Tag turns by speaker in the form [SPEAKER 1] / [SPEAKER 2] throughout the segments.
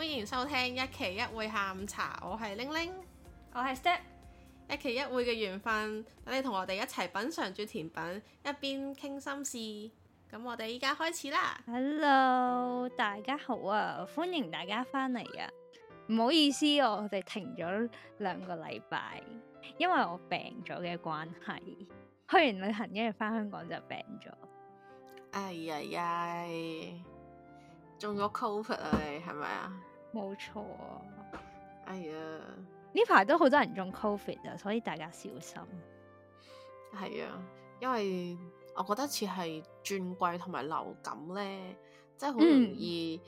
[SPEAKER 1] 歡迎收聽一期一會下午茶，我係玲玲，我係 Step，一期一會嘅緣分，等你同我哋一齊品嚐住甜品，一邊傾心事。咁我哋依家開始啦。
[SPEAKER 2] Hello，大家好啊，歡迎大家翻嚟啊。唔好意思，我哋停咗兩個禮拜，因為我病咗嘅關係，去完旅行一日翻香港就病咗。
[SPEAKER 1] 哎呀呀，中咗 Covid 啊，你係咪啊？冇錯啊，係啊、哎呀，
[SPEAKER 2] 呢排都好多人中 Covid 啊，
[SPEAKER 1] 所以大家小心。係啊，因為我覺得似係轉季同埋流感咧，即係好容易、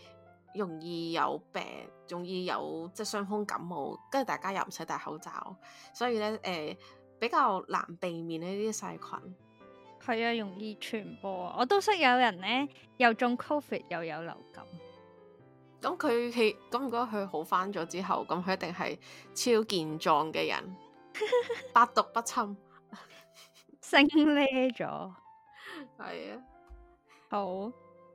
[SPEAKER 1] 嗯、容易有病，容易有即係傷風感冒，跟住大家又唔使戴口罩，所以咧誒、呃、比較難避免呢啲細菌。係啊，容易傳播。
[SPEAKER 2] 啊。我都識有人咧又中 Covid 又有流感。
[SPEAKER 1] 咁佢佢，咁如果佢好翻咗之後，咁佢一定係超健壯嘅人， 百毒不侵， 升呢咗，係 啊，
[SPEAKER 2] 好，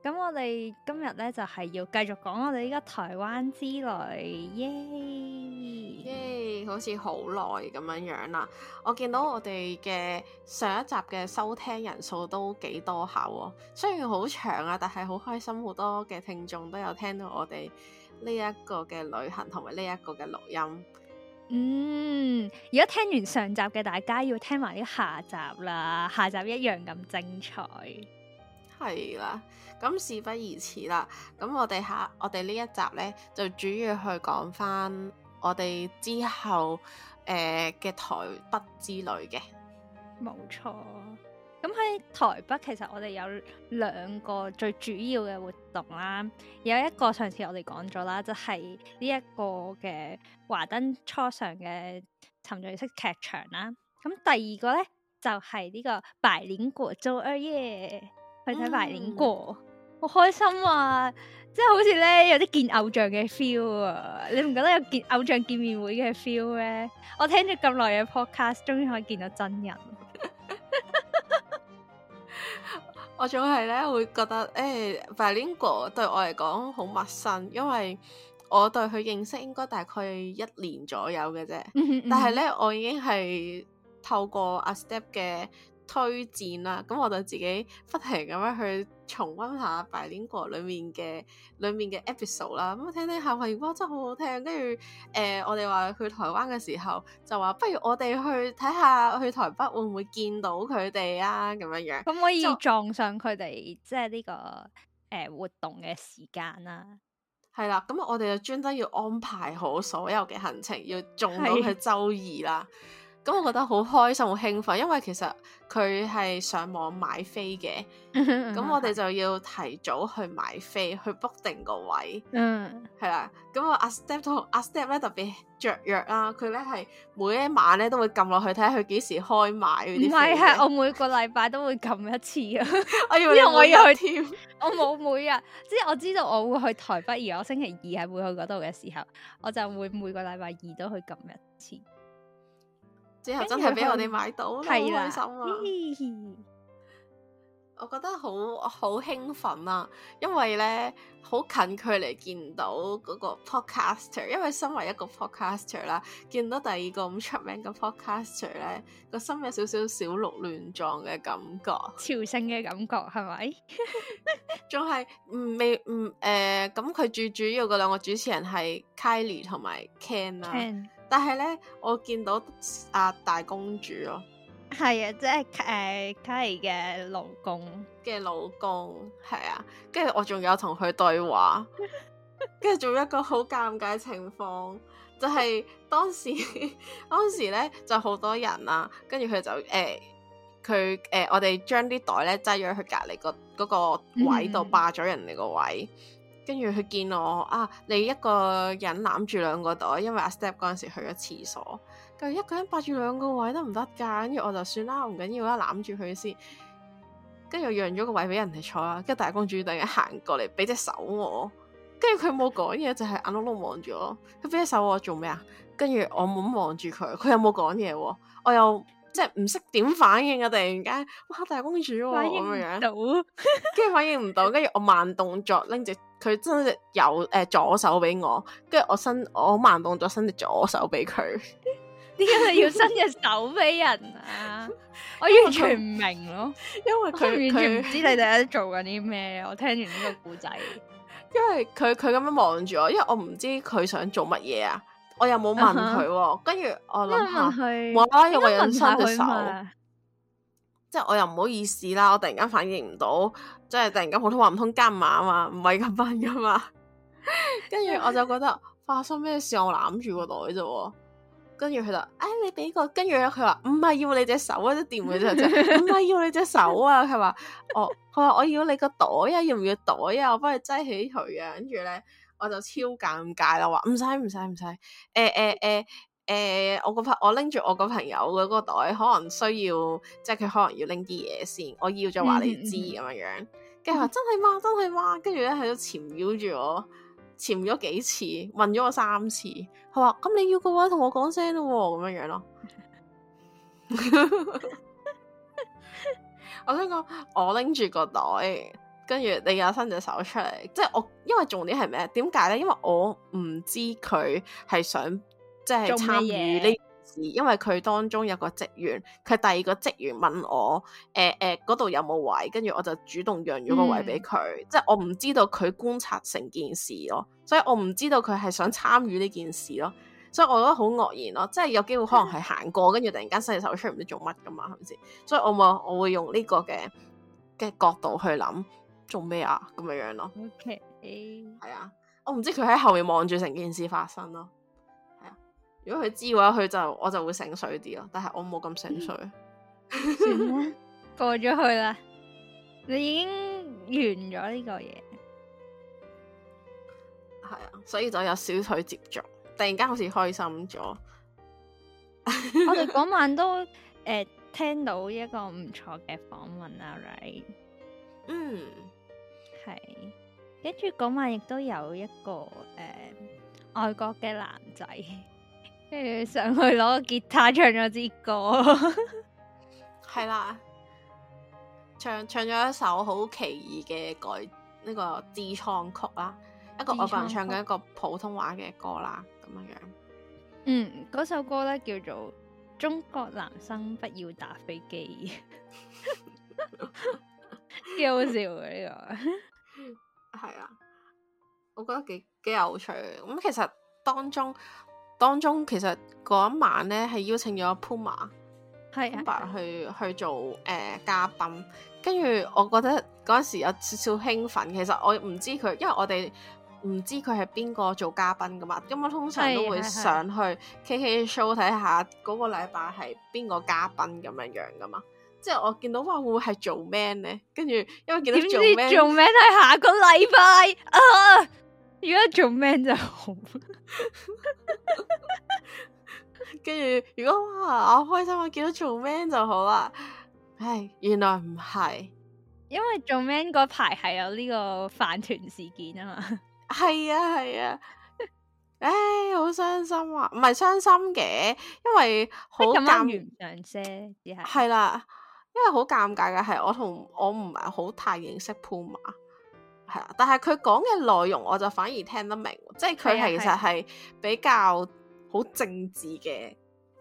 [SPEAKER 2] 咁我哋今日咧就係、是、要繼續講我哋依家台
[SPEAKER 1] 灣之旅。耶、yeah！好似好耐咁樣樣啦，我見到我哋嘅上一集嘅收聽人數都幾多下，雖然好長啊，但係好開心，好多嘅聽眾都有聽到我哋呢一個嘅旅行同埋呢一個嘅錄音。嗯，
[SPEAKER 2] 如果聽完上集嘅大家要聽埋啲下集啦，下集一樣咁精彩。
[SPEAKER 1] 係啦，咁事不宜遲啦，咁我哋下我哋呢一集呢，就主要去講翻。我哋之後誒嘅、呃、台北之旅嘅，
[SPEAKER 2] 冇錯。咁喺台北，其實我哋有兩個最主要嘅活動啦。有一個上次我哋講咗啦，就係呢一個嘅華燈初上嘅沉醉式劇場啦。咁第二個咧就係、是、呢個百靈果，做啊耶！去睇百靈果，好開心啊！即係好似咧有啲見偶像嘅 feel 啊！你唔覺得有見偶像見面會嘅 feel 咩？我聽咗咁耐嘅 podcast，終於可以見到真人。
[SPEAKER 1] 我仲係咧會覺得誒，百靈果哥對我嚟講好陌生，因為我對佢認識應該大概一年左右嘅啫。 但係咧，我已經係透過阿 Step 嘅推薦啦，咁我就自己不停咁樣去。重溫下《百靈果裡》裏面嘅裏面嘅 episode 啦，咁、嗯、我聽聽下，哇，真係好好聽。跟住，誒、呃，我哋話去台灣嘅時候，就話不如我哋去睇下，去台北會唔會見到佢哋啊？咁樣樣，咁可，可以撞上
[SPEAKER 2] 佢哋，就即係呢、這個誒、呃、活動嘅時間啦。係啦，咁我
[SPEAKER 1] 哋就專登要安排好所有嘅行程，要撞到去周二啦。咁我覺得好開心，好興奮，因為其實佢係上網買飛嘅，咁 我哋就要提早去買飛，去 book 定個位。嗯， 係啦。咁我阿 Step 同阿 Step 咧，特別雀躍啦，佢咧，係每一晚咧都會撳落去睇下佢幾時開賣。唔係，係我每個禮拜都會撳一次啊！ 我以為我又去添
[SPEAKER 2] 我冇每日，即係我知道我會去台北，而我星期二係會去嗰度嘅時候，我就會每個禮拜二都去撳一次。之後真係俾我哋買到，好開
[SPEAKER 1] 心啊！ 我覺得好好興奮啊，因為呢，好近距離見到嗰個 podcaster，因為身為一個 podcaster 啦，見到第二個咁出名嘅 podcaster 呢，個心有少少小鹿亂撞嘅感覺，朝聖嘅感覺係咪？仲係、 嗯、未？唔、嗯、誒、咁佢最主要嗰兩個主持人係 Kylie 同埋 Ken 啊。Ken. 但係咧，我見到阿、啊、大公主咯，係啊，即係誒凱莉嘅老公嘅老公，係啊，跟住我仲有同佢對話，跟住仲有一個好尷尬情況，就係、是、當時 當時咧就好多人啦、啊，跟住佢就誒佢誒我哋將啲袋咧擠咗去隔離個嗰個位度、嗯、霸咗人哋個位。跟住佢見我啊，你一個人攬住兩個袋，因為阿 Step 嗰陣時去咗廁所，跟住一個人霸住兩個位得唔得噶？跟住我就算啦，唔緊要啦，攬住佢先。跟住我讓咗個位俾人哋坐啦。跟住大公主突然間行過嚟，俾隻手我。跟住佢冇講嘢，就係眼碌碌望住我。佢俾隻手我做咩啊？跟住我冇望住佢，佢又冇講嘢，我又即係唔識點反應啊！突然間，哇！大公主咁樣，跟住反應唔到，跟住我慢動作拎隻。佢伸隻右，誒，左手俾我，跟住我伸我慢動咗伸隻左手俾佢。點解你要伸隻
[SPEAKER 2] 手俾人啊？ 因為 我完全唔明咯，因為佢完全唔知你哋喺度做緊啲咩。我聽完呢個故仔，
[SPEAKER 1] 因為佢佢咁樣望住我，因為我唔知佢想做乜嘢啊。我又冇問佢、啊，跟住、uh huh. 我諗下，為咗有、哎、為人伸隻手。即係我又唔好意思啦，我突然間反應唔到，即係突然間普通話唔通加碼啊嘛，唔係咁笨噶嘛。跟住我就覺得發生咩事，我攬住個袋啫。跟住佢就，誒、哎、你畀個，跟住佢話唔係要你隻手啊，掂嘅啫，唔係要你隻手啊。佢、嗯、話，我佢話我要你個袋啊，要唔要袋啊？我幫你擠起佢啊。跟住咧我就超尷尬啦，話唔使唔使唔使，誒誒誒。誒誒誒誒誒誒誒誒、欸，我個朋我拎住我個朋友嘅個袋，可能需要即係佢可能要拎啲嘢先，我要再話你知咁樣樣。跟住話真係嘛，真係嘛，跟住咧喺度纏繞住我，纏咗幾次，問咗我三次，佢話咁你要嘅話同我講聲咯、啊，咁樣樣咯。我想講，我拎住個袋，跟住你又伸隻手出嚟，即係我因為重點係咩？點解咧？因為我唔知佢係想。即係參與呢件事，因為佢當中有個職員，佢第二個職員問我，誒、呃、誒，嗰、呃、度有冇位？跟住我就主動讓咗個位俾佢。嗯、即係我唔知道佢觀察成件事咯，所以我唔知道佢係想參與呢件事咯。所以我覺得好愕然咯，即係有機會可能係行過，跟住、嗯、突然間伸手出唔知做乜噶嘛，係咪先？所以我咪我會用呢個嘅嘅角度去諗，做咩啊？咁樣樣咯。OK，係啊，我唔知佢喺後面望住成件事發生咯。如果佢知嘅話，佢就我就會醒水啲咯。但係我冇咁醒水，算啦， 過咗去啦。你已經完咗呢個嘢，係啊，所以就有少少接觸，突然間好似開心咗。 我哋
[SPEAKER 2] 嗰晚都誒、呃、聽到一個唔錯嘅訪問啊，Right？嗯，係，跟住嗰晚亦都有一個誒、呃、外國嘅男仔。誒，上去攞個吉他唱咗支
[SPEAKER 1] 歌， 係啦，唱唱咗一首好奇異嘅改呢、這個自創曲啦，一個我講唱緊一個普通話嘅歌啦，咁樣樣。
[SPEAKER 2] 嗯，嗰首歌咧叫做《中國男生不要打飛機》，幾 好笑嘅呢、 這個，
[SPEAKER 1] 係啊，我覺得幾幾有趣。咁、嗯、其實當中。當中其實嗰一晚咧係邀請咗 Puma，Puma、啊、去去做誒、呃、嘉賓，跟住我覺得嗰陣時有少少興奮。其實我唔知佢，因為我哋唔知佢係邊個做嘉賓噶嘛。咁我通常都會上去 KK Show 睇下嗰個禮拜係邊個嘉賓咁樣樣噶嘛。即係我見到話會係做咩咧？跟住因為見到做咩做咩係下個禮拜啊！如果做 man 就好，跟 住 如果、啊、我開心，我見到做 man 就好啦。唉，原來唔係，因為做
[SPEAKER 2] man 嗰排係有呢個飯團事件啊嘛。
[SPEAKER 1] 係啊，係啊，唉、啊啊哎，好傷心啊！唔係傷心嘅，因為好尷尬啫，只係係啦，因為好尷尬嘅係我同我唔係好太認識 Puma。係啊，但係佢講嘅內容我就反而聽得明，即係佢其實係比較好政治嘅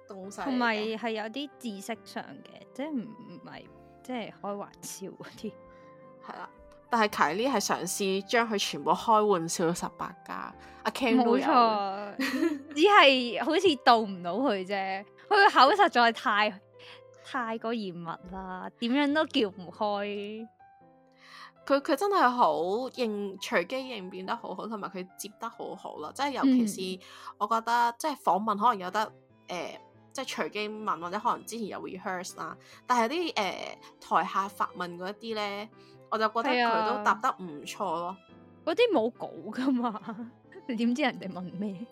[SPEAKER 1] 東西、啊，同埋
[SPEAKER 2] 係有啲知識上嘅，即係唔
[SPEAKER 1] 唔係即係開玩笑嗰啲。係啦、啊，但係 Kylie 係嘗試將佢全部開玩笑十八家，阿 Ken 都有
[SPEAKER 2] 錯， 只係好似到唔到佢啫，佢個口實在
[SPEAKER 1] 太太過嚴密啦，點樣都叫唔開。佢佢真係好應隨機應變得好好，同埋佢接得好好咯。即係尤其是我覺得，嗯、即係訪問可能有得誒、呃，即係隨機問，或者可能之前有 rehearse 啦。但係啲誒台下發問嗰一啲咧，我就覺得佢都答得唔錯咯。嗰啲冇稿噶嘛，點知人哋問咩？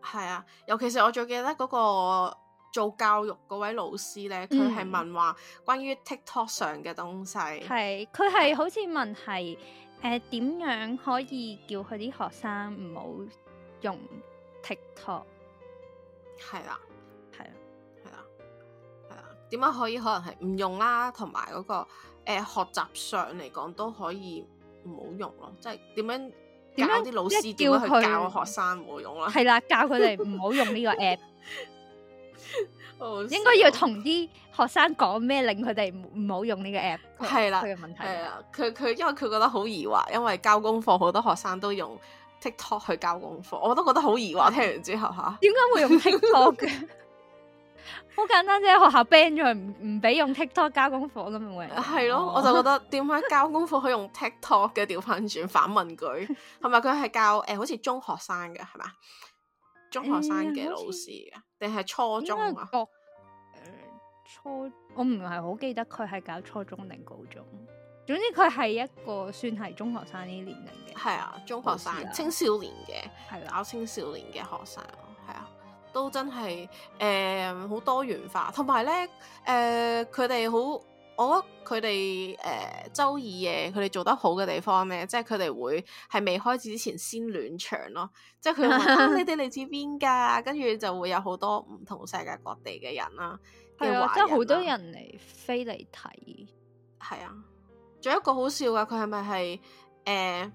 [SPEAKER 1] 係啊，尤其是我最記得嗰個。做教育嗰位老師咧，佢係問話關於 TikTok 上嘅東西。係、嗯，
[SPEAKER 2] 佢係好似問係誒點樣可以叫佢啲學生唔好
[SPEAKER 1] 用 TikTok？係啊，係啊，係啊，係啊，點樣可以可能係唔用啦？同埋嗰個誒、呃、學習上嚟講都可以唔好用咯。即係點樣教啲老師樣叫佢教學生唔好用啦？係啦，教佢哋
[SPEAKER 2] 唔好用呢個 app。
[SPEAKER 1] 應該要同
[SPEAKER 2] 啲學生講咩令佢哋唔好用呢個 app？係啦，佢嘅的問題係
[SPEAKER 1] 啊，佢佢因為佢覺得好疑惑，因為交功課好多學生都用 TikTok 去交功課，我都覺得好疑惑。聽完之後吓，啊、點解會用 TikTok 嘅？好 簡單啫，就
[SPEAKER 2] 係，學校 ban 咗佢，唔唔俾用 TikTok 交功課咁樣。
[SPEAKER 1] 係咯，的哦、我就覺得點解交功課可以用 TikTok 嘅？調翻轉反問佢？係咪佢係教誒、欸，好似中學生嘅係嘛？中學生嘅老師啊？定係、欸、初中啊？呃、
[SPEAKER 2] 初我唔係好記得佢係搞初中定高中。總之佢係
[SPEAKER 1] 一個算係中學生呢啲年齡嘅、啊。係啊，中學生、青少年嘅係搞青少年嘅學生，係啊，都真係誒好多元化。同埋咧，誒佢哋好。我覺得佢哋誒週二夜佢哋做得好嘅地方咧，即係佢哋會係未開始之前先暖場咯，即係佢話你哋嚟自邊噶，跟住就會有好多唔同世界各地嘅人啦。
[SPEAKER 2] 係 啊，真係好
[SPEAKER 1] 多人嚟飛嚟睇。係啊，仲有一個好笑嘅，佢係咪係誒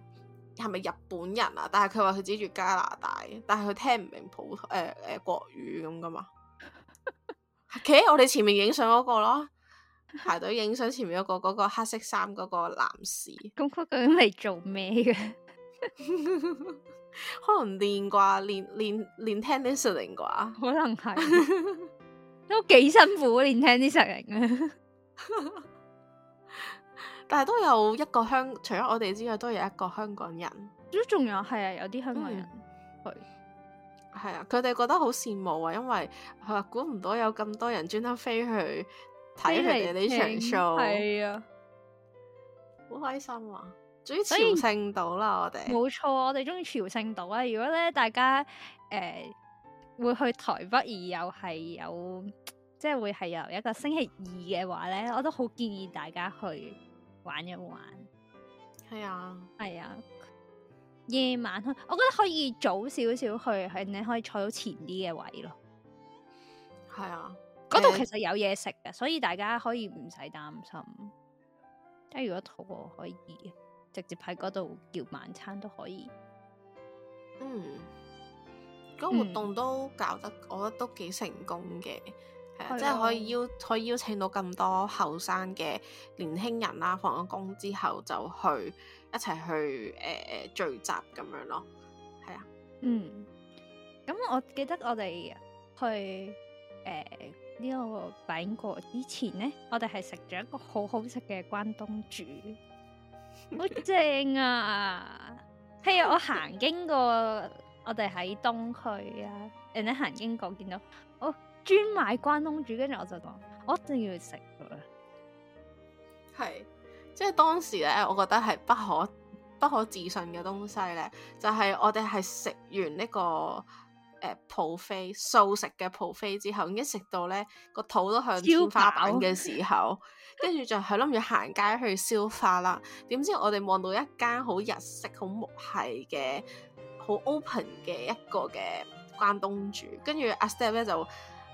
[SPEAKER 1] 係咪日本人啊？但係佢話佢指住加拿大，但係佢聽唔明普誒誒、呃、國語咁噶嘛？企喺 我哋前面影相嗰個咯。排隊影相前面嗰個嗰個黑色衫嗰個男士，
[SPEAKER 2] 咁佢究竟嚟做咩嘅？
[SPEAKER 1] 可能練啩，練練練 tennis sling 啩，可能係、啊、 都幾辛
[SPEAKER 2] 苦練、啊、 tennis sling、啊、 但係都有一個
[SPEAKER 1] 香，除咗我哋之外，都有一個香港人，都仲有係啊，有啲香港人係係、嗯、啊，佢哋覺得好羨慕啊，因為佢話估唔到有咁多人專登飛去。睇嚟你啲場數，係 啊，好開心啊！終於朝聖
[SPEAKER 2] 到啦以，我哋們冇錯，我哋中意朝聖島啊！如果咧大家誒、呃、會去台北，而又係有即係、就是、會係由一個星期二嘅話咧，我都好建議大家去玩一玩。係啊，係啊，夜晚去，我覺得可以早少少去，係你可以坐到前啲嘅位咯。係啊。嗰度、嗯、其實有嘢食嘅，所以大家可以唔使擔心。如果肚餓，可以直接喺嗰度叫晚餐都可以。
[SPEAKER 1] 嗯，嗰、嗯、個活動都搞得，我覺得都幾成功嘅。係、嗯、啊，即係可以邀，可以邀請到咁多後生嘅年輕人啦、啊。放咗工之後就去一齊去誒、呃、聚集咁樣咯。係啊，嗯。
[SPEAKER 2] 咁我記得我哋去誒，呃呢個餅過之前呢，我哋係食咗一個好好食嘅關東煮， 好正啊！譬如、 hey, 我行經過，我哋喺東區啊，人哋行經過見到，我、哦、專買關東煮，跟住我就講，我一定要食。
[SPEAKER 1] 係，即係當時咧，我覺得係不可不可置信嘅東西咧，就係、是、我哋係食完呢、這個。誒 buffet、呃、素食嘅 buffet 之後，已經食到咧個肚都向天花板嘅時候，跟住燒烤 就係諗住行街去消化啦。點知我哋望到一間好日式、好木系嘅好 open 嘅一個嘅關東煮，跟住阿 Step 咧就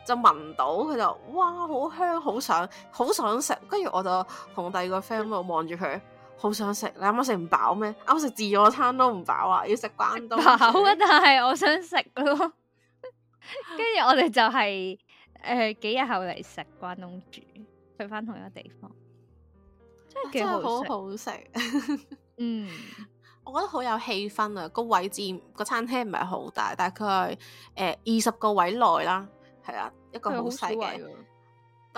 [SPEAKER 1] 就聞到佢，就哇好香，好想好想食。跟住我就同第二個 friend 就望住佢。好想食，你啱啱食唔飽咩？啱啱食自助餐都唔飽啊，要食關東。飽啊！但
[SPEAKER 2] 係我想食咯。跟 住我哋就係、是、誒、呃、幾日後嚟食
[SPEAKER 1] 關東煮，去翻同一個地方，真係幾好、啊、好食。 嗯，我覺得好有氣氛啊！個位置，個餐廳唔係好大，大概誒二十個位內啦，係啊，一個好細嘅。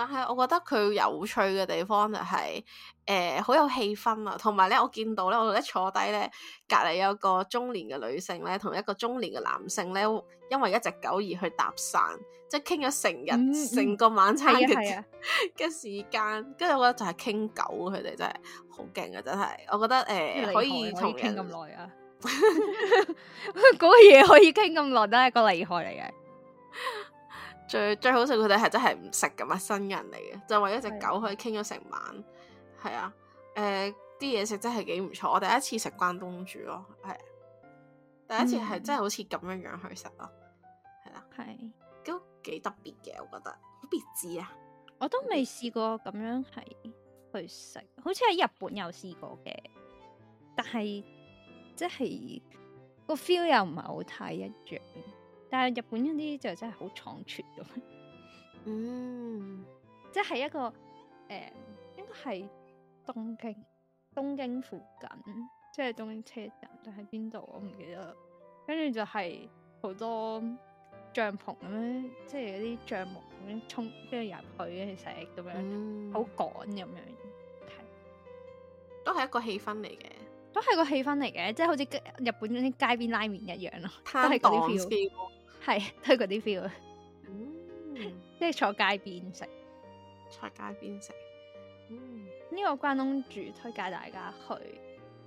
[SPEAKER 1] 但係、就是呃、啊，我覺得佢有趣嘅地方就係，誒，好有氣氛啊！同埋咧，我見到咧，我一坐低咧，隔籬有個中年嘅女性咧，同一個中年嘅男性咧，因為一隻狗而去搭訕，即係傾咗成日成、嗯、個晚餐嘅、啊啊、 時間，跟住我覺得就係傾狗，佢哋真係好勁啊！真係，我覺得誒，呃、可以同人咁耐啊，嗰 個嘢可以傾咁耐，真係一個厲害嚟嘅。最最好食佢哋係真係唔食㗎嘛，新人嚟嘅，就為一隻狗可以傾咗成晚，係啊，誒啲嘢食真係幾唔錯。我第一次食關東煮咯，係第一次係真係好似咁樣樣去食咯，係啦，係都幾特別嘅，我覺得好別緻啊！
[SPEAKER 2] 我都未試過咁樣係去食，好似喺日本有試過嘅，但係即係個 feel 又唔係好太一樣。但係日本嗰啲就真係好倉促咁，嗯，即係一個誒，應該係東京東京附近，即係東京車站定喺邊度我唔記得啦。跟住就係好多帳篷咁樣，即係有啲帳篷咁樣衝，跟住入去
[SPEAKER 1] 嘅其實咁樣，好趕咁樣，嗯、都係一個氣氛嚟嘅，都係
[SPEAKER 2] 個氣氛嚟嘅，即係好似日本嗰啲街邊拉麵一樣咯，探黨 都係嗰啲 feel。係推嗰啲 feel，即係坐街邊食，坐街邊食。呢、嗯、個關東煮推介大家去。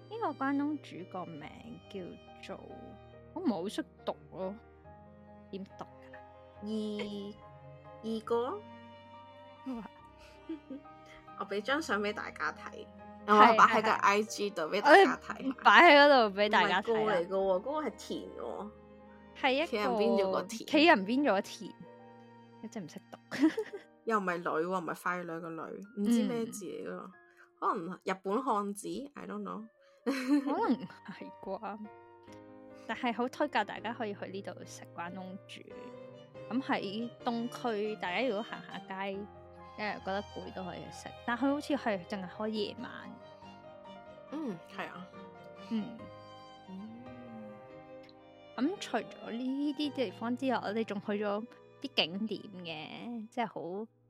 [SPEAKER 2] 呢、這個關東煮個名叫做，我唔係好識讀咯、啊，
[SPEAKER 1] 點讀、啊二？二二哥， 我俾張相俾大家睇， 我擺喺個 IG
[SPEAKER 2] 度俾大家睇，擺喺嗰度俾大家睇。嚟噶喎，
[SPEAKER 1] 嗰、那個係甜喎。
[SPEAKER 2] 係一個企人邊咗個田，即係唔識讀，
[SPEAKER 1] 又唔係女喎、啊，唔係快女嘅女，唔知咩字嚟咯，嗯、可能日本漢字 I don't know， 可能係啩，
[SPEAKER 2] 但係好推介大家可以去呢度食關東煮，咁喺東區，大家如果行下街，誒覺得攰都可以食，但佢好似係淨係開夜晚，嗯，係啊，嗯。咁、嗯、除咗呢啲地方之外，我哋仲去咗啲景點嘅，即係好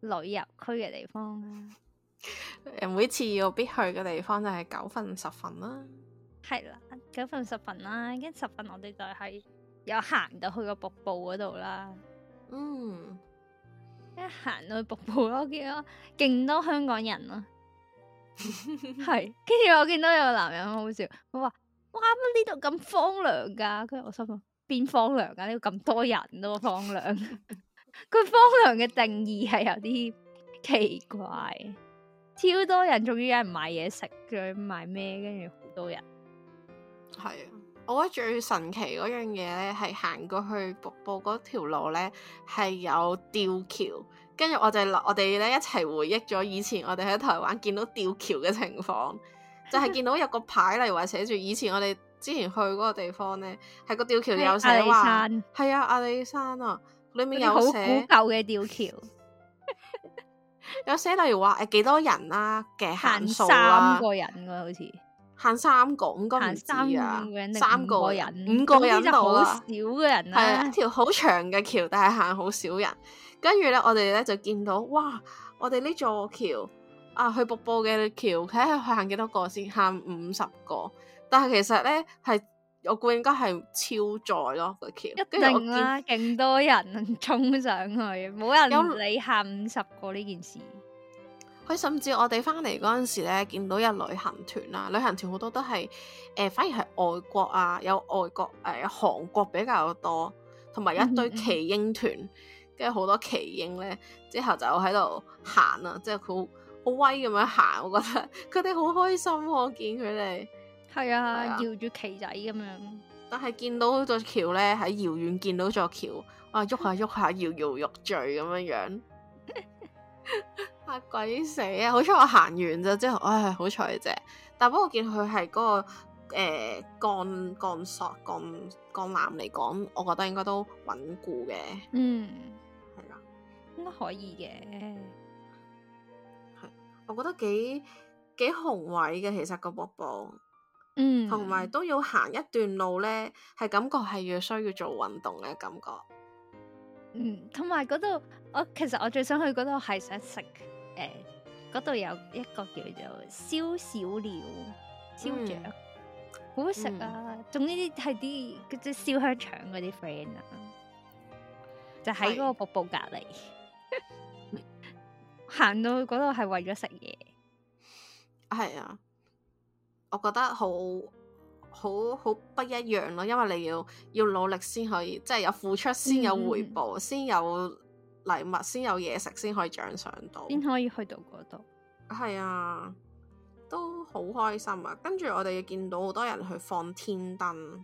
[SPEAKER 2] 旅
[SPEAKER 1] 遊區嘅地方啦，啊。 每次要必去嘅地方就係九份十分，啊、十分啦。
[SPEAKER 2] 係啦，九份十分，啊、十分啦，跟住十分我哋就係有行到去個瀑布嗰度啦。嗯，一行到去瀑布咯，見到勁多香港人咯，啊。係， 跟住我見到有個男人好笑，佢話。哇！乜呢度咁荒涼噶？跟住我心諗，邊荒涼噶？呢度咁多人咯，荒涼。佢荒涼嘅定義係有啲奇怪，超多人，仲要有人買嘢食，佢買咩？跟住好多人。
[SPEAKER 1] 係啊，我覺得最神奇嗰樣嘢咧，係行過去瀑布嗰條路咧，係有吊橋。跟住我哋，我哋咧一齊回憶咗以前我哋喺台灣見到吊橋嘅情況。 就係見到有個牌，例如話寫住以前我哋之前去嗰個地方咧，係個吊橋有寫話，係啊阿里山啊，裏面有寫好古舊嘅吊橋， 有寫例如話誒、哎、幾多人啦嘅限數啦、啊，行三個人應、啊、好似限三個五個，知啊、行知啊三個人五個人，三個五個人到啦，少嘅人啦、啊，係、啊、一條好長嘅橋，但係限好少人。跟住咧，我哋咧就見到哇，我哋呢座橋。啊！去瀑布嘅橋，睇下佢行幾多個先，行五十個。但係其實咧，係我估應該係超載咯個橋，一定啦、啊，
[SPEAKER 2] 勁多人衝上去，冇人理你行五十個呢件事。
[SPEAKER 1] 佢甚至我哋翻嚟嗰陣時咧，見到有旅行團啦、啊，旅行團好多都係誒、呃，反而係外國啊，有外國誒、呃、韓國比較多，同埋有一堆鷹英團，跟住好多鷹英咧，之後就喺度行啊，即係好。好威咁樣行，我覺得佢哋好開心。我見佢哋係啊，搖住、啊、旗仔咁樣。但係見到座橋咧，喺遙遠見到座橋，搖搖 啊，喐下喐下，搖搖欲墜咁樣樣，吓鬼死啊！好彩我行完咗之後，唉，好彩啫。但不過見佢係嗰個誒鋼鋼索鋼鋼纜嚟講，我覺得應該都穩固嘅。嗯，係啦、啊，應該可以嘅。我覺得幾幾雄偉嘅，其實個瀑布，嗯，同埋都要行一段路咧，係感覺係要需要做運動嘅感覺。嗯，
[SPEAKER 2] 同埋嗰度，我其實我最想去嗰度係想食，誒、呃，嗰度有一個叫做燒小鳥燒腸，燒嗯、好好食啊！仲呢啲係啲嗰啲燒香腸嗰啲 friend 啊，就喺、是、嗰個瀑布隔籬。
[SPEAKER 1] 行到去嗰度係為咗食嘢，係啊，我覺得好好好不一樣咯。因為你要要努力先可以，即係有付出先有回報，先、嗯、有禮物，先有嘢食，先可以獎賞到，先可以去到嗰度。係啊，都好開心啊。跟住我哋見到好多人去放天燈，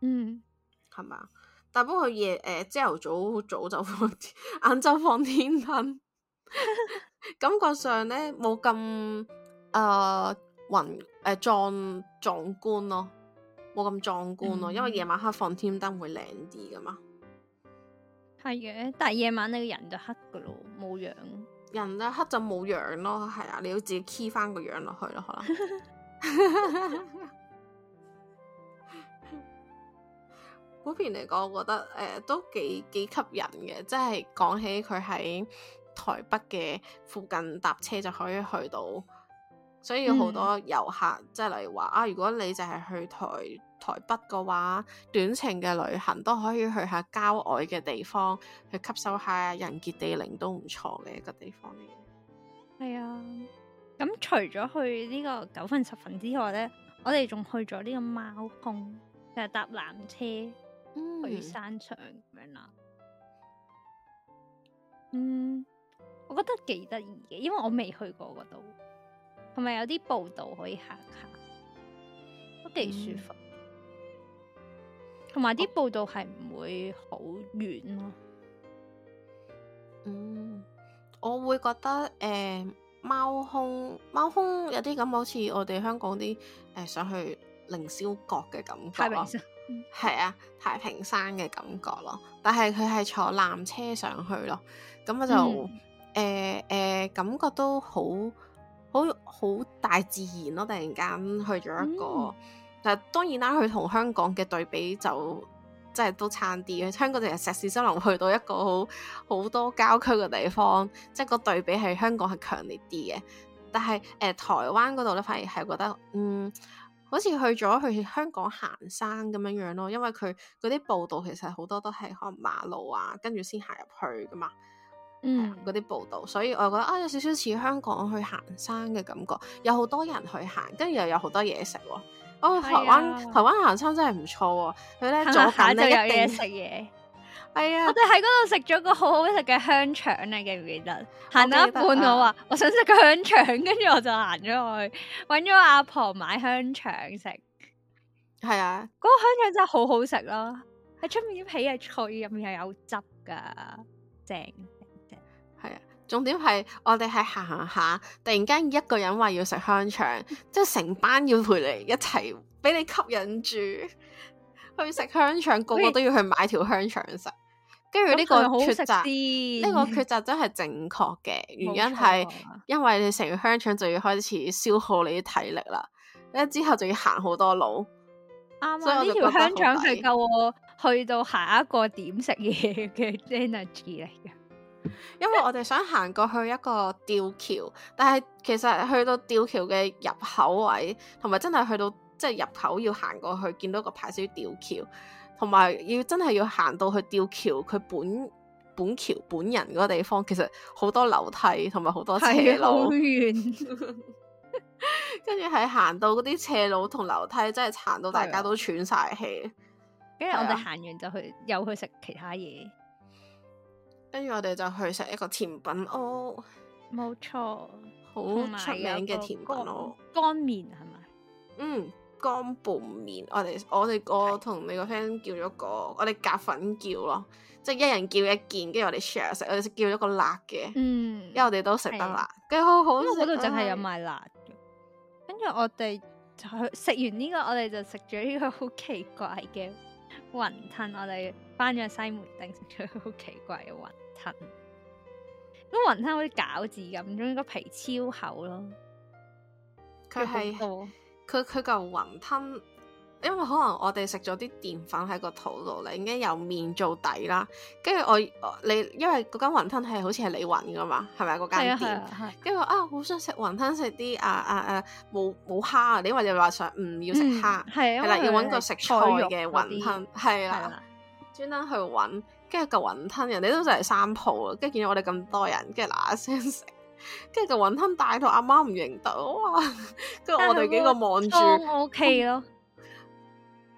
[SPEAKER 1] 嗯，係嘛？但不過夜誒，朝、呃、頭早早就放，晏晝放天燈。 感覺上呢，冇咁誒，宏誒壯觀咯，冇咁壯觀咯，嗯、因為夜晚黑放天燈會靚啲噶嘛。
[SPEAKER 2] 係嘅，但係夜晚呢個人，黑人黑就黑噶咯，冇樣。
[SPEAKER 1] 人就黑就冇樣咯，係啊，你要自己 key 翻個樣落去咯，可
[SPEAKER 2] 能。
[SPEAKER 1] 普遍嚟講，我覺得、呃、都幾幾吸引嘅，即係講起佢喺台北嘅附近搭車就可以去到，所以好多遊客，嗯、即係例如話啊，如果你淨係去台台北嘅話，短程嘅旅行都可以去下郊外嘅地方，去吸收下人傑地靈，都唔錯嘅一個地方嚟
[SPEAKER 2] 嘅。係啊，咁除咗去呢個九份十分之外咧，我哋仲去咗呢個貓空，就係搭纜車去山場咁樣啦。嗯。嗯我覺得幾得意嘅，因為我未去過嗰度，同埋有啲步道可以行下，都幾舒服。同埋啲步道係唔
[SPEAKER 1] 會好遠咯。嗯，我會覺得誒，呃、貓空貓空有啲咁，好似我哋香港啲誒，呃、想去凌霄閣嘅感覺，太平山係 啊，太平山嘅感覺咯。但係佢係坐纜車上去咯，咁我就。嗯誒誒、呃呃，感覺都好好好大自然咯！突然間去咗一個，嗯、但當然啦、啊，佢同香港嘅對比就真係都差啲嘅。香港就係石屎森林，去到一個好好多郊區嘅地方，即係個對比係香港係強烈啲嘅。但係誒、呃，台灣嗰度咧，反而係覺得嗯，好似去咗去香港行山咁樣樣咯，因為佢嗰啲步道其實好多都係可能馬路啊，跟住先行入去噶嘛。嗯，嗰啲報道，所以我覺得啊，有少少似香港去行山嘅感覺，有好多人去行，跟住又有好多嘢食喎。哦、啊，台灣、哎、呀台灣行山真係唔錯喎，佢咧左下咧一，走一，走一，走一走就有嘢食
[SPEAKER 2] 嘢。係啊、哎呀，我哋喺嗰度食咗個好好食嘅香腸你記唔記得？行到一半我話我，我想食個香腸，跟住我就行咗去揾咗阿婆買香腸食。
[SPEAKER 1] 係啊、哎呀，嗰
[SPEAKER 2] 個香腸真係好好食咯，喺出面啲皮係脆，入面又有汁㗎，正。
[SPEAKER 1] 重點係我哋係行行下，突然間一個人話要食香腸，即係成班要陪你一齊，俾你吸引住去食香腸，個個都要去買條香腸食。跟住呢個好，擇、嗯，呢、嗯、個抉擇真係正確嘅。冇錯。原因係因為你食完香腸就要開始消耗你啲體力啦，咁之後就要行好多路。
[SPEAKER 2] 啱啊、嗯！呢條、嗯、香腸係夠我去到下一個點食嘢
[SPEAKER 1] 嘅 energy 嚟嘅。因為我哋想行過去一個吊橋，但係其實去到吊橋嘅入口位，同埋真係去到即係、就是、入口要行過去，見到一個牌小吊橋，同埋要真係要行到去吊橋佢本本橋本人嗰個地方，其實好多樓梯同埋好多斜路，係好遠。跟住係行到嗰啲斜路同樓梯，真係殘到大家都喘晒氣。跟住我哋行完就去又去食其他嘢。跟住我哋就去食一個甜品屋，
[SPEAKER 2] 哦、冇錯，
[SPEAKER 1] 好出名嘅甜品屋、哦。乾麵係咪？嗯，乾拌麵。我哋我哋是我同你個 friend 叫咗個，我哋夾粉叫咯，即係一人叫一件，跟住我哋 share 食。我哋叫咗個辣嘅，嗯，因為我哋都食得辣，跟住是好好，我嗰度淨係有賣辣嘅。
[SPEAKER 2] 跟住、哎、我哋就去食完呢、這個，我哋就食咗呢個好奇怪嘅雲吞。我哋翻咗西門町食咗好奇怪嘅雲。雲、嗯、吞好似
[SPEAKER 1] 餃子咁，仲個皮超厚咯。
[SPEAKER 2] 佢係
[SPEAKER 1] 佢佢個雲吞，因為可能我哋食咗啲澱粉喺個肚度啦，應該由麵做底啦。跟住我，你因為嗰間雲吞係好似係你搵㗎嘛，係咪嗰間店？因為 iros, 是是 yes, 啊，好想食雲吞，食啲啊啊啊冇冇蝦啊！啊啊啊啊你為說說、嗯、因為你話想唔要食蝦，係、就是、啦，要搵個食菜嘅雲吞，係啦，專登去搵。跟住嚿雲吞，人哋都就嚟三鋪啦。跟住見到我哋咁多人，跟住嗱嗱聲食。跟住嚿雲吞大到阿媽唔認得，哇！跟住我哋幾個望住。O K 咯，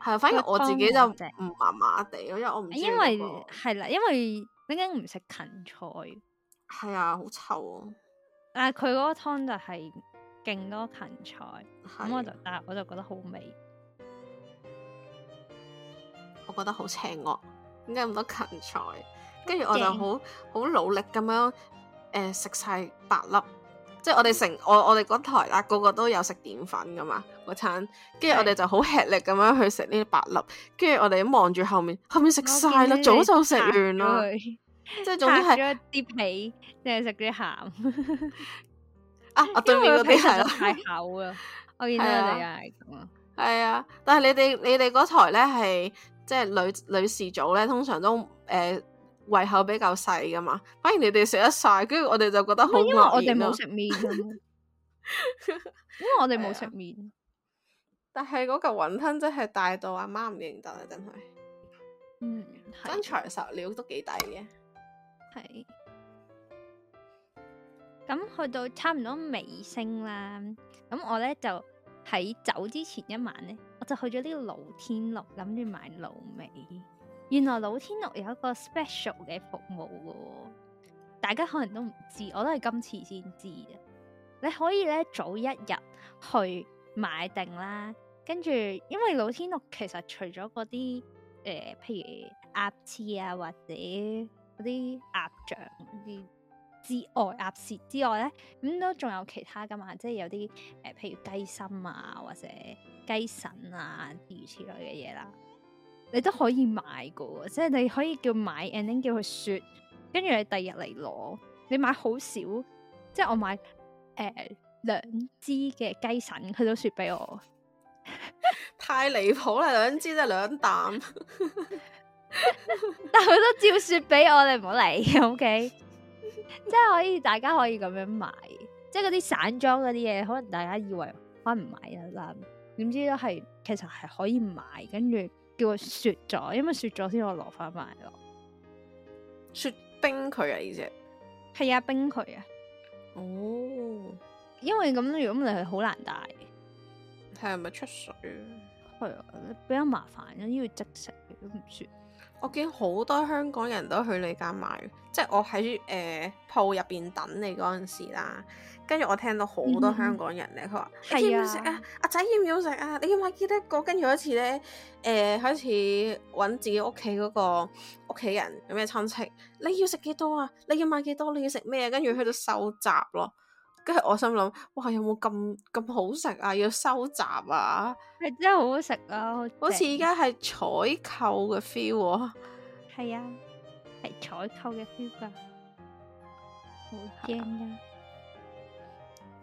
[SPEAKER 1] 係啊，反而我自己就唔麻麻地咯，因為我唔
[SPEAKER 2] 因為係啦，因為點解唔食芹菜？係啊，好臭啊！但係佢嗰個湯就係勁多芹菜，咁的我就得，但
[SPEAKER 1] 我就覺得好味。我覺得好青喎。點解咁多芹菜？跟住我就好好努力咁樣誒，食、呃、晒白粒，即係我哋成我我哋嗰台啦，個個都有食澱粉噶嘛，個餐。跟住我哋就好吃力咁樣去食呢啲白粒，跟住我哋望住後面，後面食晒啦，早就食完啦，
[SPEAKER 2] 即係擦咗啲皮，淨係食啲鹹。
[SPEAKER 1] 啊！我對面嗰啲係太
[SPEAKER 2] 厚啦，我見到你又
[SPEAKER 1] 係咁啊，係啊！但係你哋你哋嗰台咧係。即係女女士組咧，通常都誒、呃、胃口比較細噶嘛，反而你哋食得晒，跟住我哋就覺得好唔、啊、因為我哋冇食麵， 因為我哋冇食麵。啊、但係嗰嚿雲吞真係大到阿媽唔認得啦，真係。嗯，真材實料都幾抵嘅。係。
[SPEAKER 2] 咁去到差唔多尾聲啦，咁我咧就。喺走之前一晚咧，我就去咗呢個老天祿諗住買滷味。原來老天祿有一個 special 嘅服務噶，大家可能都唔知，我都係今次先知嘅。你可以咧早一日去買定啦，跟住因為老天祿其實除咗嗰啲誒，譬如鴨翅啊或者嗰啲鴨掌啲，之外，鴨舌之外咧，咁、嗯、都仲有其他噶嘛？即係有啲誒、呃，譬如雞心啊，或者雞腎啊，諸如此類嘅嘢啦，你都可以買噶。即係你可以叫買，然後叫佢雪，跟住你第二日嚟攞。你買好少，即係我買誒兩支嘅雞腎，佢都雪俾我。
[SPEAKER 1] 太離譜啦！兩支即係兩啖，
[SPEAKER 2] 但
[SPEAKER 1] 係佢都照雪俾我，你唔好嚟，OK。即係 可以，大家可
[SPEAKER 2] 以咁樣買，即係嗰啲散裝嗰啲嘢，可能大家以為翻唔買啦，點知都係，其實係可以買，跟住叫佢雪咗，因為雪咗先我攞翻賣咯。雪冰佢啊，呢隻係啊冰佢啊，啊哦，因為咁如果唔係好難帶，係咪出水啊？係啊，比較麻煩，因為即食都唔雪。
[SPEAKER 1] 我見好多香港人都去你間買，即係我喺誒鋪入邊等你嗰陣時啦，跟住我聽到好多香港人咧，佢話、嗯、哼說你要唔要食啊？阿仔，啊啊、要唔要食啊？你要買幾多個？跟住有一次咧，誒、呃、開始揾自己屋企嗰個屋企人有咩親戚，你要食幾多啊？你要買幾多？你要食咩？跟住去到收集咯。跟住我心諗，哇！有冇咁咁好食啊？要收集啊？係
[SPEAKER 2] 真係好好食啊，啊，啊！好似而家
[SPEAKER 1] 係採購嘅 feel，係啊，係採購嘅 feel 噶，好驚噶。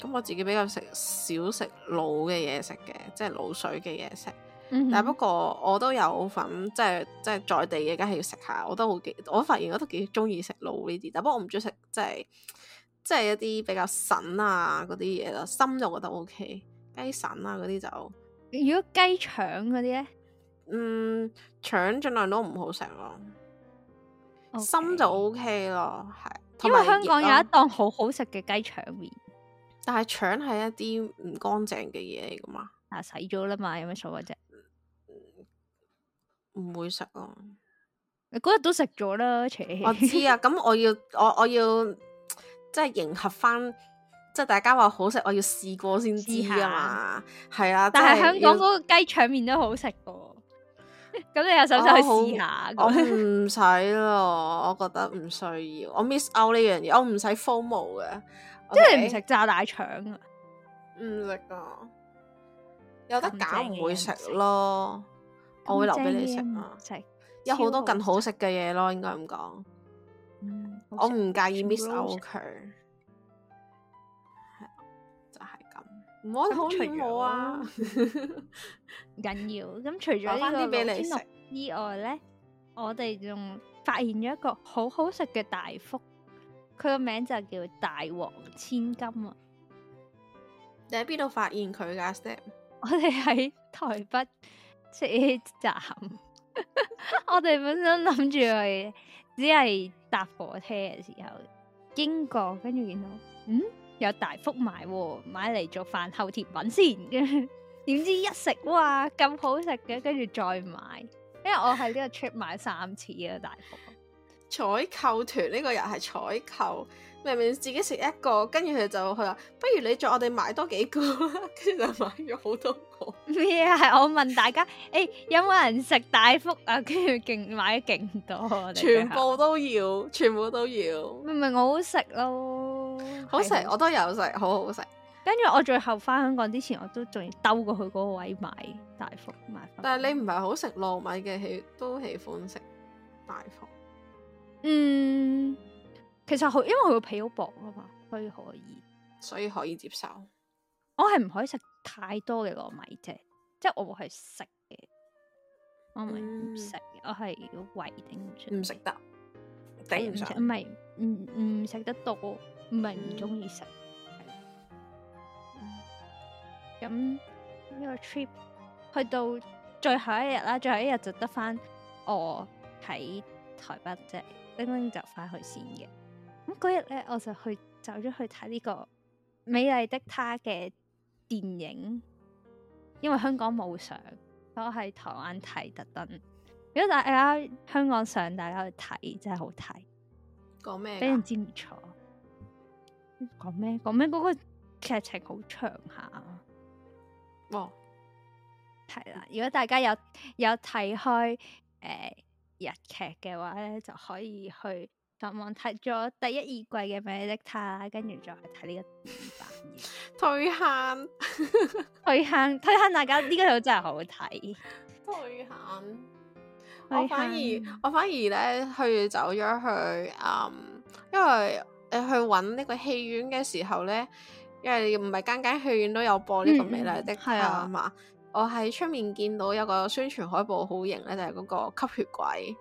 [SPEAKER 1] 咁我自己比較食少食滷嘅嘢食嘅，即係滷水嘅嘢食。嗯、哼但不過我都有份，即係即係在地嘅，梗係要食下。我都好，我發現我都幾中意食滷呢啲，但不過我唔中意食即係。即係一啲比較筍啊嗰啲嘢咯，心就覺得 O K，雞筍啊嗰啲就。如果雞腸嗰啲咧，嗯，腸盡量都唔好食 Okay.、OK、咯。心就 O K 咯，係。因為香港有一檔好好食嘅雞腸麵，但係腸係一啲唔乾淨嘅嘢嚟噶嘛，啊洗咗啦嘛，有咩錯嘅啫？唔、嗯、會食咯。
[SPEAKER 2] 嗰日都食咗啦，扯。我知啊，
[SPEAKER 1] 咁我要我我要。我我我要我要即係迎合翻，即係大家話好食，我要試過先知啊嘛，係啊。但係香港嗰
[SPEAKER 2] 個雞腸麵都好食噶，咁 你又想唔想去試下？啊、 我
[SPEAKER 1] 唔使咯，我覺得唔需要。我 miss out 呢樣嘢，我唔使 FOMO 嘅，okay？即係唔食炸大腸啊，唔食啊，有得揀唔會食咯，我會留俾你食啊，有好多更好食嘅嘢咯，應該咁講。我唔介意 miss 手佢，就係咁唔可好冤枉啊
[SPEAKER 2] 緊！緊要咁，除咗呢個冒你綠以外咧，我哋仲發現咗一個好好食嘅大福，佢個名就叫大王千金啊！你
[SPEAKER 1] 喺邊度發現佢㗎？Step 我哋
[SPEAKER 2] 喺台北車站， 我哋本身諗住去，只係。搭火車嘅時候經過，跟住見到，嗯，有大福賣，買嚟做飯後甜品先。點 知一食，哇，咁好食嘅，跟住再買，因為我喺呢個 trip 買三次
[SPEAKER 1] 啊大福。採購團呢個又係採購。明明自己食一個，跟住佢就佢話：不如你再我哋買多幾個，跟住就買咗好多個。
[SPEAKER 2] 咩 啊？係我問大家，誒、欸、有冇人食大福啊？跟住勁買咗勁
[SPEAKER 1] 多。全部都要，全部都要。
[SPEAKER 2] 明明我好食咯，好食吃，嗯、我
[SPEAKER 1] 都有食，好好食。跟住我最後返香港之前，我都仲要兜過去嗰位買大福，買大福。但係你唔係好食糯米嘅，喜都喜歡食大福。嗯。其實佢因為佢個皮好薄啊嘛，所以可以，所以可以接受。
[SPEAKER 2] 我係唔可以食太多嘅糯米啫，即係我會去食嘅，
[SPEAKER 1] 我唔係唔食，
[SPEAKER 2] 嗯、我係如果胃頂唔住，唔食得頂唔上，唔係唔唔食得到，唔係唔中意食。咁呢、嗯嗯、個 trip 去到最後一日啦，最後一日就得翻我喺台北啫，拎拎 就翻、是、去先嘅。嗰日咧，我就去走咗去睇呢、這個美麗的他嘅電影，因為香港冇上，我喺台灣睇特登。如果大家香港上，大家去睇真係好睇，
[SPEAKER 1] 講咩？非常
[SPEAKER 2] 之唔錯。講咩？講咩？嗰、那個劇情好長下、啊，
[SPEAKER 1] 哇、
[SPEAKER 2] 哦！係啦，如果大家有有睇開誒、呃、日劇嘅話咧，就可以去。上網睇咗第一二季嘅《美麗的她》，跟住再睇呢個版退坑休， 退坑，退坑！大家
[SPEAKER 1] 呢個真係好睇。退坑，我反而我反而咧去走咗去，嗯，因為誒、呃、去搵呢個戲院嘅時候咧，因為唔係間間戲院都有播呢個《美麗的她》嗯嗯啊嘛。我喺出面見到有個宣傳海報好型咧，就係、是、嗰個吸血鬼。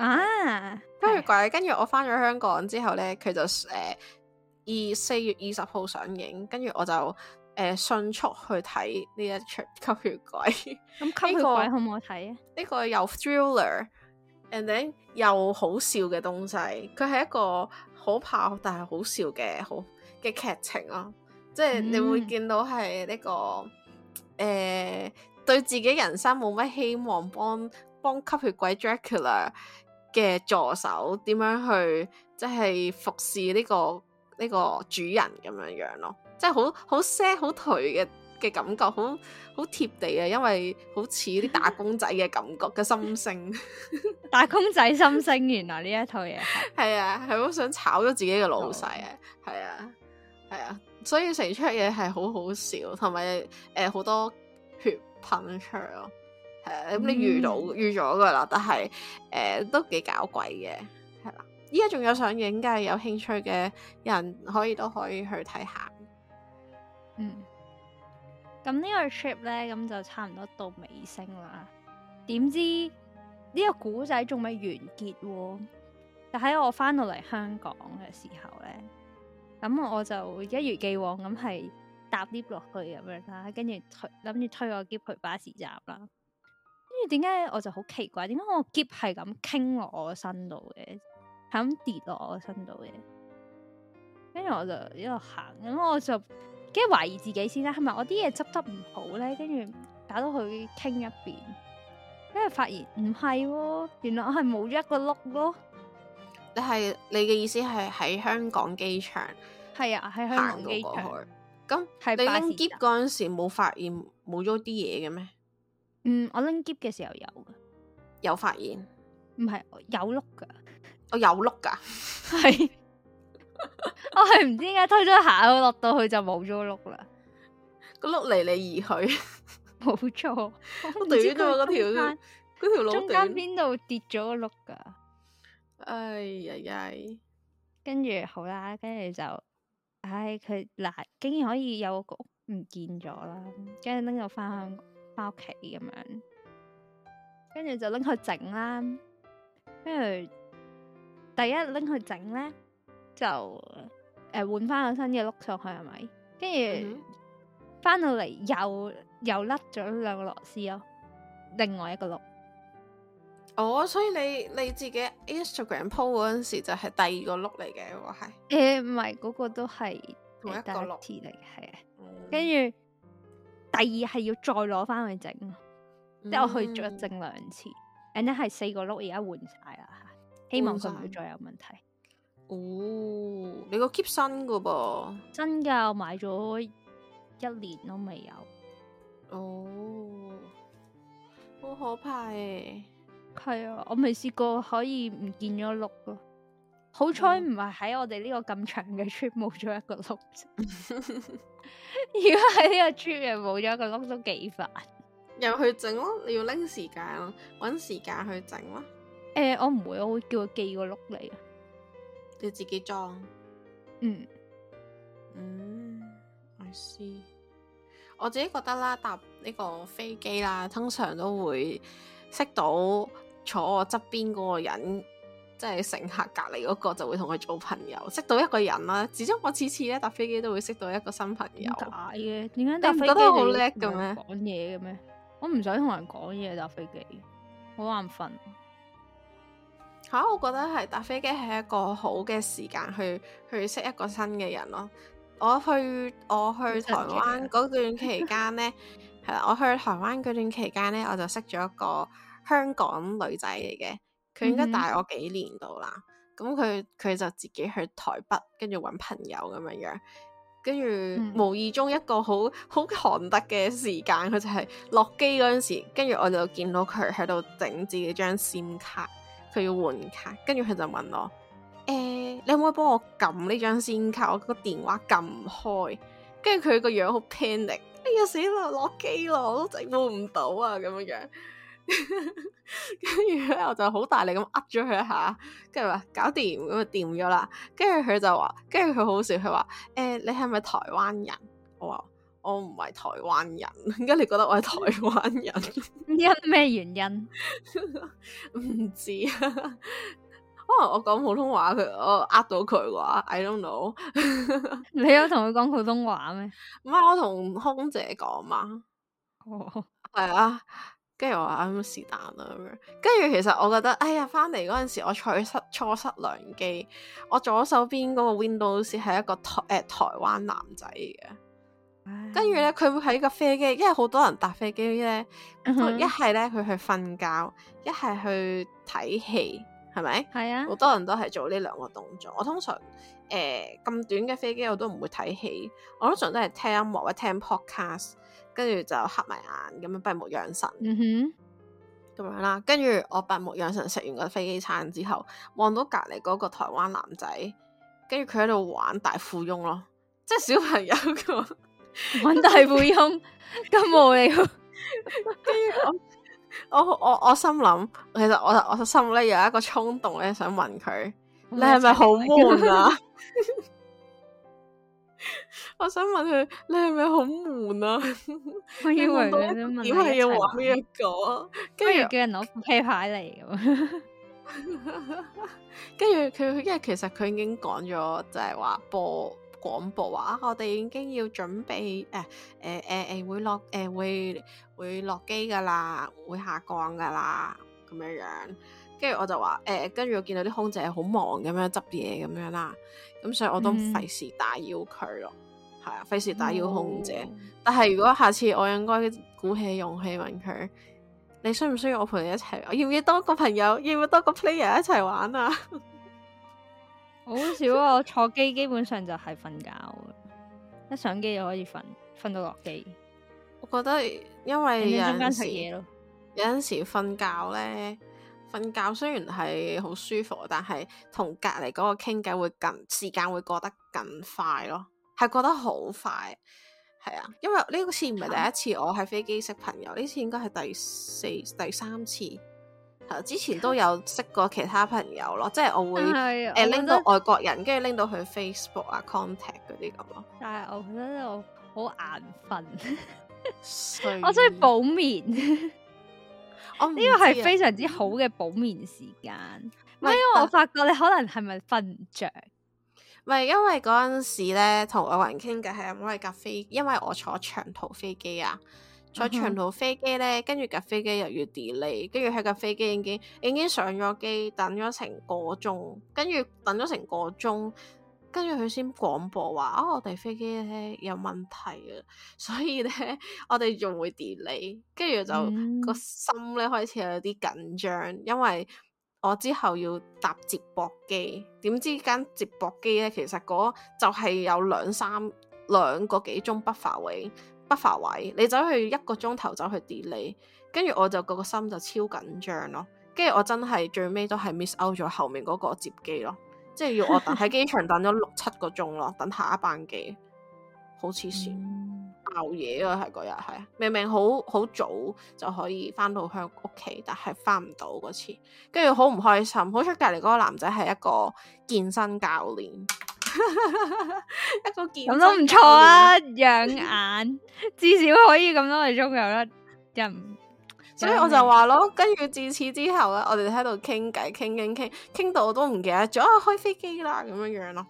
[SPEAKER 1] 啊！吸血鬼，是跟住我返咗香港之後呢，佢就誒二四月二十號上映，跟住我就誒、呃、迅速去睇呢一出吸血鬼。咁
[SPEAKER 2] 吸血鬼好唔好睇啊？
[SPEAKER 1] 呢、這個又、這個、thriller，and then 又好笑嘅東西，佢係一個可怕但係好笑嘅好嘅劇情咯、啊。即係、嗯、你會見到係呢、這個誒、呃、對自己人生冇乜希望幫，幫幫吸血鬼 Dracula。嘅助手點樣去即係服侍呢個呢個主人咁樣樣咯，即係好好 sad、好頹嘅嘅感覺，好好貼地啊，因為好似啲打工仔嘅感覺嘅 心聲， 打工仔心聲，原來呢一套嘢係係啊，係好想炒咗自己嘅老細好啊，係啊，係啊，所以成出嘢係好好笑，同埋誒好多血噴出啊！誒，咁你預到預咗噶啦，但係誒、呃、都幾搞鬼嘅係啦。依家仲有上映，梗係有興趣嘅人可以都可以去睇下。嗯，
[SPEAKER 2] 咁呢個 trip 咧，咁就差唔多到尾聲啦。點知呢個古仔仲未完結，但喺我翻到嚟香港嘅時候咧，咁我就一如既往咁係搭 lift 落去咁樣啦，跟住諗住推個喼去巴士站啦。跟住點解我就好奇怪？點解我個篋係咁傾落我個身度嘅，係咁跌落我個身度嘅？跟住我就一路行，咁我就跟住懷疑自己先啦，係咪我啲嘢執得唔好咧？跟住打到佢傾一邊，跟住發現唔係喎，原來我係冇咗一
[SPEAKER 1] 個碌咯。你係你嘅意思係喺香港機場？
[SPEAKER 2] 係啊，喺香港
[SPEAKER 1] 機場。咁你拎篋嗰陣時冇發現冇咗啲嘢嘅咩？嗯，我
[SPEAKER 2] 拎喼嘅時候有嘅，
[SPEAKER 1] 有發現，
[SPEAKER 2] 唔係有碌噶，哦、有 我下下有碌噶，係，我係唔知點解推咗下，落到去就冇咗碌啦，個碌離你而去，冇 錯， 唔知到嗰條，嗰條中間邊度跌咗個碌噶，哎呀哎呀，跟住好啦，跟住就，唉，佢嗱，竟然可以有個屋唔見咗啦，跟住拎咗翻香港。包屋企咁樣，跟住就拎去整啦。跟住第一拎去整咧，就誒，換翻個新嘅碌上去係咪？跟住翻到嚟，又又甩咗兩個螺絲咯，喔，另外一個碌。
[SPEAKER 1] 哦，所以你你自己 Instagram 鋪嗰陣時就係第二個碌嚟嘅，我係，
[SPEAKER 2] 誒唔係嗰個都係同一個碌
[SPEAKER 1] 嚟？係啊，呃，跟
[SPEAKER 2] 住。第二係要再攞翻去整，即係我去咗整兩次，嗯，and 咧係四個碌而家換晒啦，
[SPEAKER 1] 上希望佢唔
[SPEAKER 2] 會再有問題。哦，
[SPEAKER 1] 你個 keep 新噶
[SPEAKER 2] 噃？真㗎，我買咗一年都未有。哦，好可怕誒！係啊，我未試過可以唔見咗碌㗎。好彩唔係喺我哋呢個咁長嘅 trip 冇咗一個碌。
[SPEAKER 1] 如果喺呢個 trip 又冇咗一個碌，都幾煩，又去整咯，你要拎時間咯，搵時間去整咯。
[SPEAKER 2] 誒、欸，我唔會，我會叫佢寄個碌嚟啊，
[SPEAKER 1] 要自己裝、嗯。嗯，嗯，I see。我自己覺得啦，搭呢個飛機啦，通常都會識到坐我側邊嗰個人。即係乘客隔離嗰個就會同佢做朋友，識到一個人啦、啊。始終我次次咧搭飛機都會識到一個新朋友。假嘅，點解搭飛機好叻咁樣講嘢嘅咩？我唔想同人講嘢搭飛機，好眼瞓。嚇、啊，我覺得係搭飛機係一個好嘅時間去去識一個新嘅人咯。我去我去台灣嗰段期間呢，係啦， 我去台灣嗰段期間呢，我就識咗一個香港女仔嚟嘅。佢應該大我幾年度啦，咁佢佢就自己去台北，跟住揾朋友咁樣樣，跟住、嗯、無意中一個好好寒得嘅時間，佢就係落機嗰陣時，跟住我就見到佢喺度整自己張 SIM 卡，佢要換卡，跟住佢就問我：誒、欸，你可唔可以幫我撳呢張 SIM 卡？我個電話撳唔開，跟住佢個樣好 panic，哎呀死啦，落機咯，我都整換唔到啊，咁樣樣。跟住咧， 我就好大力咁呃咗佢一下，跟住話搞掂，咁就掂咗啦。跟住佢就話，跟住佢好笑，佢話誒，你係咪台灣人？我話我唔係台灣人，點解你覺得我係台灣人？因咩原因？唔 不知啊道笑，可能我講普通話佢，我呃到佢話，I don't know。 你有同佢講普通話咩？唔係，我同空姐講嘛。哦，係啊。跟住我話咁是但啦咁樣，跟住其實我覺得，哎呀，翻嚟嗰陣時我錯失錯失良機，我左手邊嗰個 Windows 是係一個台誒、呃、台灣男仔嚟嘅。跟住咧佢會喺個飛機，因為好多人搭飛機咧，一係咧佢去瞓覺，一係去睇戲，係咪？係啊，好多人都係做呢兩個動作。我通常誒咁、呃、短嘅飛機我都唔會睇戲，我通常都係聽音樂或者聽 Podcast。跟住就黑埋眼咁樣閉目養神，咁、嗯、哼樣啦。跟住我閉目養神食完個飛機餐之後，望到隔籬嗰個台灣男仔，跟住佢喺度玩大富翁咯，即係小朋友個玩 大富翁，咁無力。跟住我，我我我,我心諗，其實我我心咧有一個衝動咧，想問佢， 你係咪好悶啊？ 我想問佢，你係咪好悶啊？ 我以為你點係要玩咩嘢，講，跟住叫人攞啤牌嚟咁。跟住佢，因為其實佢已經講咗，就係話播廣播話，我哋已經要準備誒誒誒誒會落誒、呃、會會落機噶啦，會下降噶啦咁樣、呃、樣。跟住我就話誒，跟住我見到啲空姐好忙咁樣執嘢咁樣啦，咁所以我都費事打擾佢咯。嗯係啊，費事打擾空姐。嗯、但係如果下次我應該鼓起勇氣問佢，你需唔需要我陪你一齊？要唔要多個朋友？要唔要多個 player 一齊玩啊？ 好少啊！我坐機基本上就係瞓覺，一上機就可以瞓，瞓到落機。我覺得因為有陣時，有陣時瞓覺咧，瞓覺雖然係好舒服，但係同隔籬嗰個傾偈會更，時間會過得更快咯。係覺得好快，係啊，因為呢次唔係第一次我喺飛機識朋友，呢、啊、次應該係第四第三次，係、啊、之前都有識過其他朋友咯，即係我會誒拎到外國人，跟住拎到佢 Facebook 啊 contact 嗰啲咁
[SPEAKER 2] 咯。但係我覺得我好眼瞓，
[SPEAKER 1] 睡 我中意補
[SPEAKER 2] 眠， 我呢個係非常之好嘅補眠時間。唔係、啊，因為我發覺你可能係咪
[SPEAKER 1] 瞓唔着？唔係因為嗰陣時咧，同我個人傾偈，係我係架飛，因為我坐長途飛機啊，坐長途飛機咧，跟住架飛機又要 delay，跟住佢架飛機已經已經上咗機，等咗成個鐘，跟住等咗成個鐘，跟住佢先廣播話：啊、哦，我哋飛機咧有問題啊，所以咧我哋仲會 delay，跟住就、嗯、個心咧開始有啲緊張，因為。我之後要搭接駁機，點知間接駁機咧，其實嗰就係有兩三兩個幾鐘 buffer 位 buffer、er、位，你走去一個鐘頭走去 delay，跟住我就個個心就超緊張咯，跟住我真係最尾都係 miss out 咗後面嗰個接機咯，即係要我等喺機場等咗六七個鐘咯，等下一班機，好黐線。熬嘢啊，係嗰日係，明明好好早就可以翻到去屋企，但係翻唔到嗰次，跟住好唔開心。好彩隔籬嗰個男仔係一個健身教練， 一個健身教練，咁都唔錯啊，養眼， 至少可以咁多嚟中有啦。人。 所以我就話咯，跟住自此之後咧，我哋喺度傾偈，傾傾傾，傾到我都唔記得咗、啊、開飛機啦，咁樣樣咯。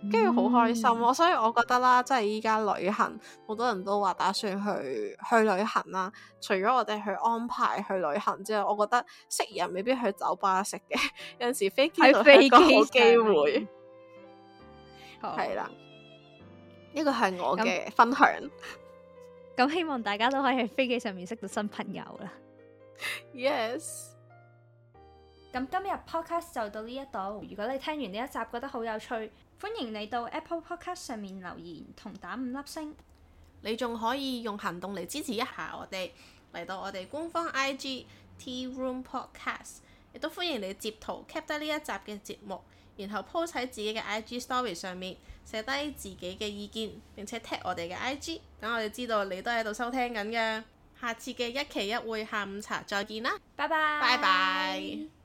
[SPEAKER 1] 跟住好開心，嗯、所以我覺得啦，即係依家旅行，好多人都話打算去去旅行啦。除咗我哋去安排去旅行之外，我覺得識人未必去酒吧食嘅， 有陣時飛機係一個好機會。係啦、哦，
[SPEAKER 2] 呢個係我嘅分享。咁希望大家都可以喺飛機上面識到新朋友啦。Yes。咁今日 podcast 就到呢一度，如果你聽完呢一集覺得好有趣，歡迎你到 Apple Podcast 上面留
[SPEAKER 1] 言同打五粒星，你仲可以用行動嚟支持一下我哋，嚟到我哋官方 IG Tea Room Podcast，亦都歡迎你截圖 keep 低呢一集嘅節目，然後 post 喺自己嘅 IG Story 上面，寫低自己嘅意見，並且 tag 我哋嘅 IG，等我哋知道你都喺度收聽緊嘅。下次嘅一期一會下午茶再見啦，拜拜拜拜。